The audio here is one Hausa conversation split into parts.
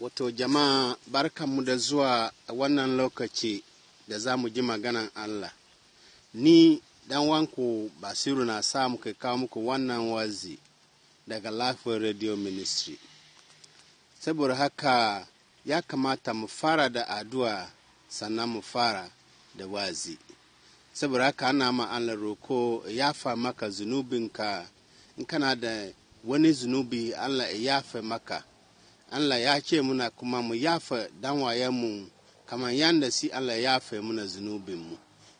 Wato jama'a mu da zuwa wannan lokaci da za mu ji maganan Allah. Ni dan wanku Basiru na sa muka kawo muku wannan wazi daga Lafiyar Radio Ministry. Saboda haka ya kamata mu fara da addu'a sannan mu fara da wazi. Saboda haka ana ma Allah roko yafa maka zunubinka in kana da wani zunubi Allah ya yafe maka. Allah ya ce muna kuma mu yafa danwayenmu kamar yadda si Allah ya yafe muna zunubinmu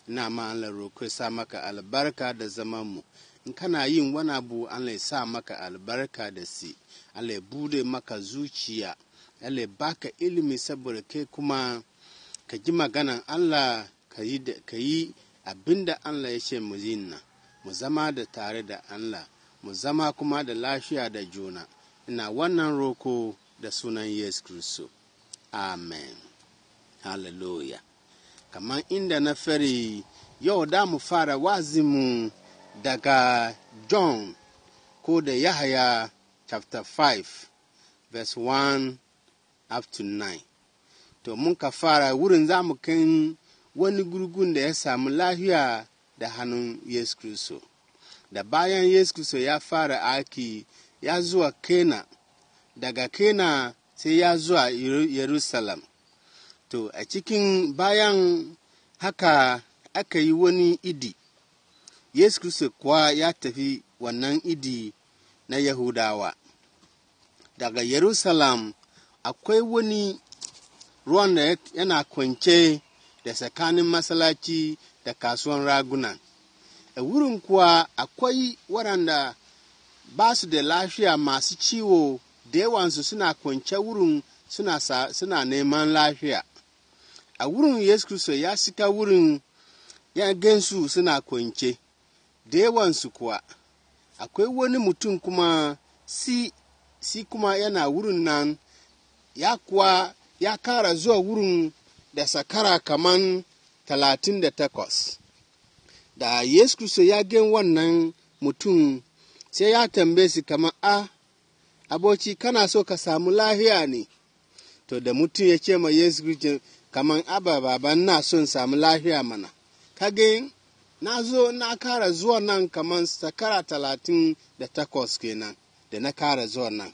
ina ma Allah roƙo sa maka albarka da zamanmu in kana yin wani abu Allah ya sa maka albarka da si Allah ya bude maka zuciya Allah baka ilimi saboda kai kuma ka ji maganan Allah ka yi abinda da Allah ya ce mu yin nan mu zama da tare da Allah mu zama kuma da lafiya da juna ina wannan roƙo. da sunan yesu kristo amen hallelujah kamar inda na fari yau da mu fara wazimu daga john ko da yahaya chapter 5 verse 1 up to 9 to mun ka fara wurin za mu wani gurgun da ya samu lafiya da hannun yesu kristo da bayan yesu kristo ya fara aki ya zuwa kena daga kena sai ya zuwa Yerusalem. To, a cikin bayan haka aka yi wani idi, Yesu Kristo kuwa ya tafi wannan idi na Yahudawa. Daga Yerusalem akwai wani ruwan da yana kwance da tsakanin masalaci da kasuwan raguna. A wurin kuwa akwai waɗanda ba su da lafiya masu ciwo dewansu suna kwance wurin suna, suna neman lafiya a wurin yesu kristo ya sika wurin ya gansu suna kwance dewansu kuwa akwai wani mutum kuma si, si kuma yana wurin nan ya kuwa ya kara zuwa wurin da sakara kaman talatin da takwas da yesu kristo ya gan wannan mutum sai ya tambaye su kama a ah, aboci kana so ka samu lahiya ne to da mutum ya ce ma yesu kristi kamar ababa ban na son samu lahiya mana kage na zo na kara zuwa nan kamar sakara talatin da takwas kenan da na kara zuwa nan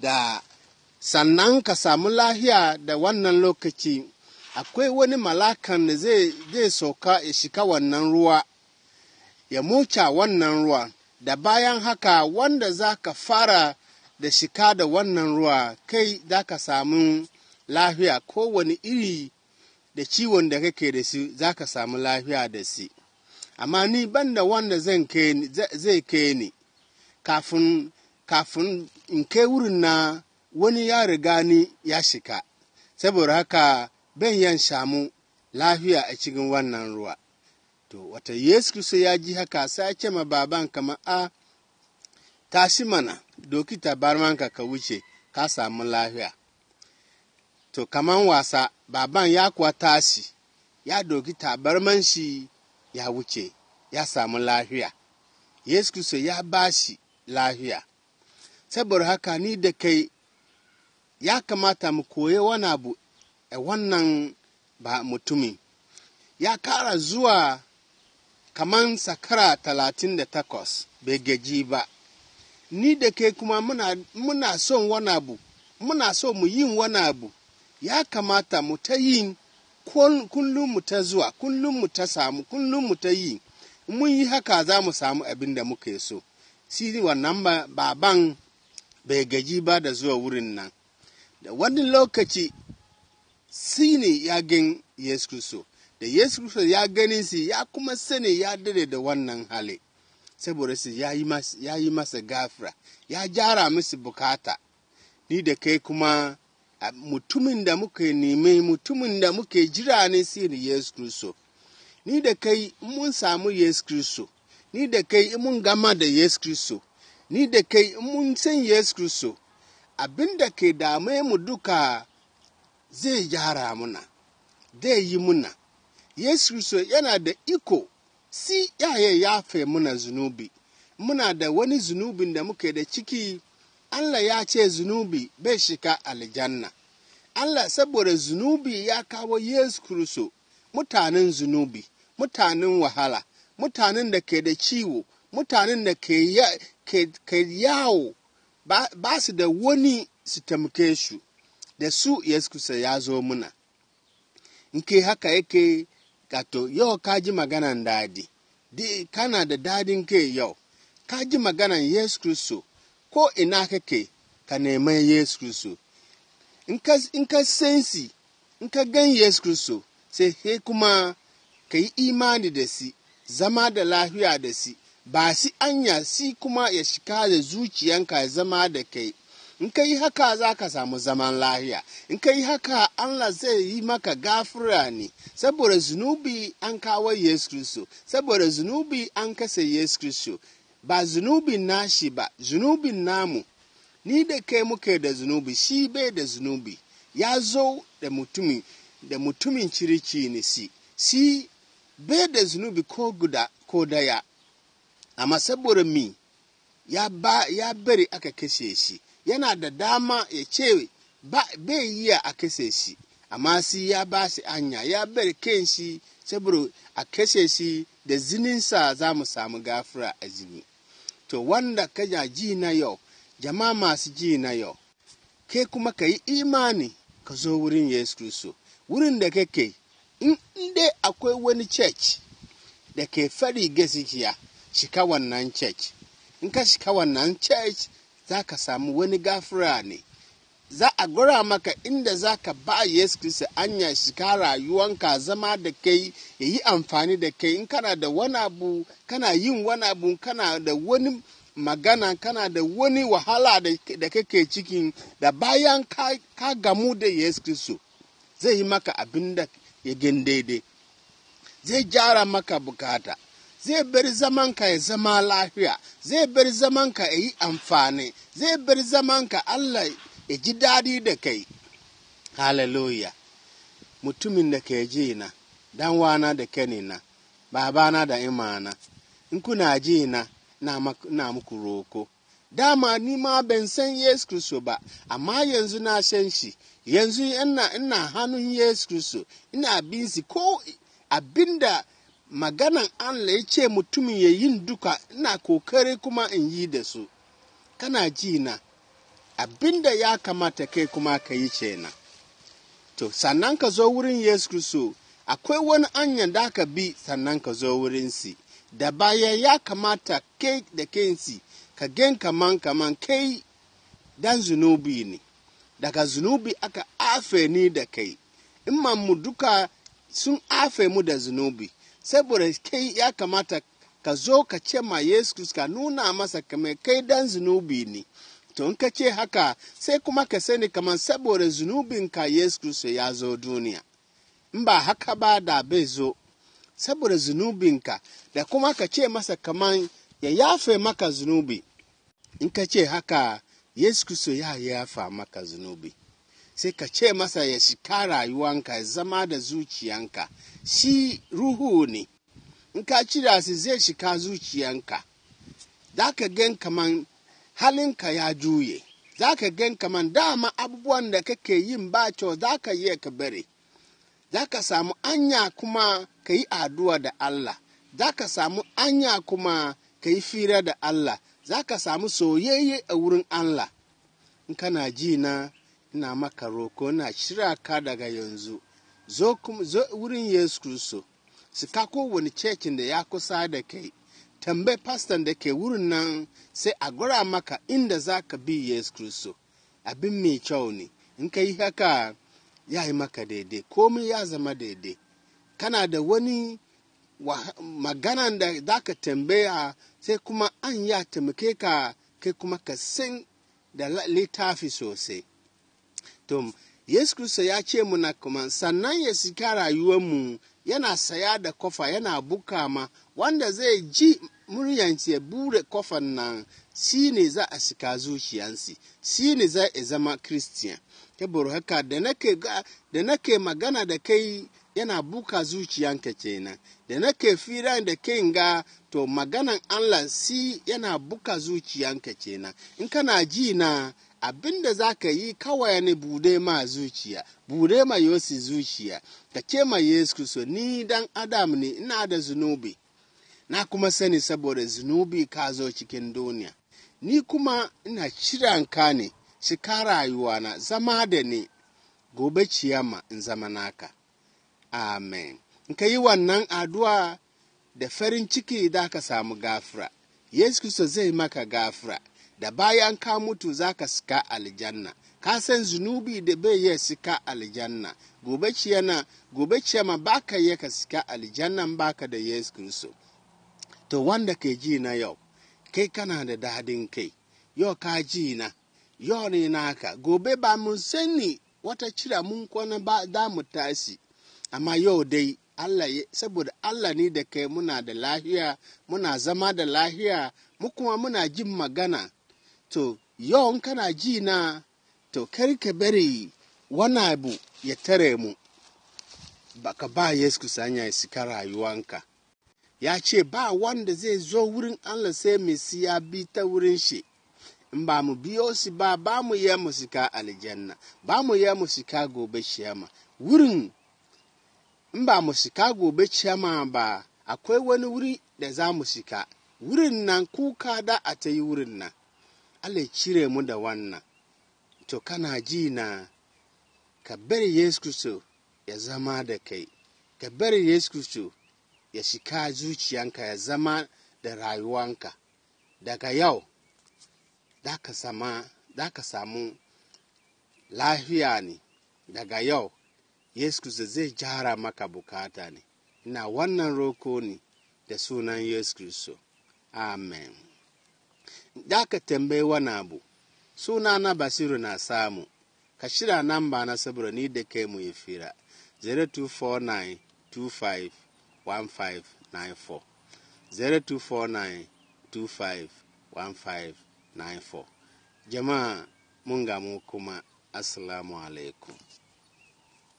da sannan ka samu lahiya da wannan lokaci akwai wani malakan da zai sauka ya shika wannan ruwa ya muca wannan ruwa da bayan haka wanda za ka fara da shika da wannan ruwa kai za ka samu lafiya kowane iri da ciwon da kake da shi za ka samu lafiya da shi amma ni ban da wanda zai kai ni kafin kafin in kai wurin na wani ya riga ni ya shika saboda haka ban yan samu lafiya a cikin wannan ruwa to wata yesu kristo ya ji haka sai ya ce ma baban kamar a tashi mana dokita manka ka wuce ka samu lafiya to kaman wasa baban ya kuwa tashi ya doki tabarman manshi ya wuce ya samu lafiya yesu kristo ya ba shi lafiya saboda haka ni da kai ya kamata mu koye wani abu a eh, wannan ba mutumin ya kara zuwa kaman sakara talatin da takwas bai gaji ba ni da ke kuma muna, muna son wani abu muna so mu yin wani abu ya kamata mu ta yin kullum mu ta zuwa kullum mu ta samu kullum mu ta yi mun yi haka za mu samu abin da muke so shi wannan baban bai gaji ba da zuwa wurin nan da wani lokaci shi ne ya gin yesu so. da yesu kristo ya gani su ya kuma sani ya dade da wannan hali saboda su ya yi masa gafira ya jara musu bukata ni da kai kuma mutumin da muke neme mutumin da muke jira ne sirri yesu kristo ni da kai mun samu yesu kristo ni da kai mun gama da yesu kristo ni da kai mun san yesu kristo abin da ke dame mu duka zai gyara muna zai yi muna yesu kristo yana da iko si yaye yafe muna zunubi muna da wani zunubin da muke da ciki allah ya ce zunubi bai shika aljanna allah saboda zunubi ya kawo yesu kristo mutanen zunubi mutanen wahala mutanen da ke da ciwo mutanen da ke, yawo ba su da wani su taimake su da su yesu ya zo muna nke haka yake Kato yau ka ji maganan dadi, kana da dadin kai yau, ka ji maganan Yesu Kristo, ko ina kake ka nema Yesu Kristo. In ka sensi, in ka gan Yesu Kristo, sai he kuma ka yi imani da si, zama da lafiya da si, ba si anya si kuma ya shika da zuciyanka zama da kai, in ka yi haka za ka samu zaman lahiya in ka yi haka allah zai yi maka gafura ne saboda zunubi an kawo yesu kristo saboda zunubi an kasa yesu kristo ba zunubin nashi ba zunubin namu ni da kai muke da zunubi shi bai da zunubi ya zo da mutumin da mutumin ciriki ne si si bai da zunubi ko guda ko daya amma saboda mi ya bari aka kashe shi yana da dama ya ce bai yi a kashe shi amma shi ya ba shi hanya ya bar shi saboda a kashe shi da zininsa za mu samu gafura a jini to wanda ka ji na yau jama'a masu ji na yau kai kuma ka yi imani ka zo wurin yesu kristo wurin da kake in dai akwai wani church da ke fari gaskiya shika wannan church in ka shika wannan church za ka samu wani gafura ne za a gura maka inda za ka ba Yesu Kristi anya shiga rayuwanka zama da kai ya yi amfani da kai in kana da wani abu kana yin wani abu kana da wani magana kana da wani wahala da kake cikin da bayan ka, gamu da Yesu kristi zai yi maka abin da ya daidai zai gyara maka bukata zai bar zamanka ya zama lafiya zai bar zamanka ya yi amfani zai bar zamanka allah ya ji daɗi da kai hallelujah mutumin da ke ji na dan wana da kani na babana da imana in kuna ji na na muku roko dama ni ma ban san yesu kristo ba amma yanzu na san shi yanzu ina hannun yesu kristo ina bin ko abinda maganan Allah ya ce mutumin ya yin duka ina kokari kuma in yi da su kana ji na abinda ya kamata kai kuma ka yi na. to sannan ka zo wurin Yesu Kristo akwai wani anyan da ka bi sannan ka zo wurin si da baya ya kamata kai da kensi ka gen kaman kaman kai dan zunubi ne daga zunubi aka afe ni da kai in mu duka sun afe mu da zunubi saboda kai ya kamata ka zo ka ce ma yesu kristo ka nuna masa kamar kai dan zunubi ne to in ka ce haka sai kuma ka sani kamar saboda ka yesu kristo ya zo duniya in ba haka ba da bai zo saboda ka da kuma ka ce masa kamar ya yafe maka zunubi in ka ce haka yesu kristo ya yafa maka zunubi sai ka ce masa ya shika rayuwanka zama da zuciyanka shi ruhu ne in ka cira su zai shika zuciyanka za ka gan kaman halinka ya juye za ka gan kaman dama abubuwan da kake yin ba kyau za ka yi ka bare za ka samu anya kuma ka yi addu'a da Allah za ka samu anya kuma ka yi fira da Allah za ka samu soyayye a wurin Allah in kana ji na ina maka roko na shirya ka daga yanzu zo wurin yesu kristo su ka kowane cecin da ya kusa da kai tambayi pastan da ke wurin nan sai a gura maka inda za ka bi yesu kristo abin mai kyau ne in ka yi haka ya yi maka daidai komai ya zama daidai kana da wani magana da za ka tambaya sai kuma an ya taimake ka kai kuma ka san da littafi sosai tom yesu kristo ya ce na kuma sannan ya sika rayuwarmu yana saya da kofa yana buka ma wanda zai ji muryanci ya bure kofan nan shi ne za a sika zuciyansi shi ne za a zama kristiyan ta haka da nake magana da kai yana buka zuciyanka kenan da nake firan da kai ga to maganan allah si yana buka zuciyanka kenan in kana ji na abin da za ka yi kawai ne bude ma zuciya bude ma yosi zuciya ka ce ma yesu kristo ni dan adam ne ina da zunubi na kuma sani saboda zunubi ka zo cikin duniya ni kuma ina ka ne shika rayuwa na zama da ni gobe ciyama in zama naka amen in ka yi wannan addu'a da farin ciki da ka samu gafira yesu kristo zai maka gafira da bayan ka mutu za ka sika aljanna ka san zunubi da bai yi sika aljanna gobe ciyana gobe ciyama ba ka yi ka sika aljanna ba ka da yesu kristo to wanda ke ji na yau kai kana da dadin kai yau ka ji na yau ne naka gobe ba mun sani wata cira mun kwana ba da mu tasi amma yau dai Allah saboda Allah ne da kai muna da lahiya muna zama da lahiya mu kuma muna jin magana to yau kana ji na to kar ka bari wani abu ya tare mu baka ba yesu kusanya ya sika rayuwanka ya ce ba wanda zai zo wurin allah sai mesi ya bi ta wurin shi in ba mu biyo su ba ba mu yi mu sika aljanna ba mu yi mu sika gobe shiyama wurin in ba mu sika gobe shiyama ba akwai wani wuri da za mu sika wurin nan kuka da a ta yi wurin nan Allah cire mu da wannan to kana ji na ka bari Yesu Kristo ya zama da kai ka bari Yesu Kristo ya shika zuciyanka ya zama da rayuwanka daga yau da ka samu lafiya ne daga yau Yesu Kristo zai jara maka bukata ne na wannan roko ne da sunan Yesu Kristo amen dakatambaiwa na bụ suna na basiru na samu ka shirya nan na saboda ni da kai mu ya fira 0249251594 0249251594 jama'a mun gamu kuma assalamu alaikum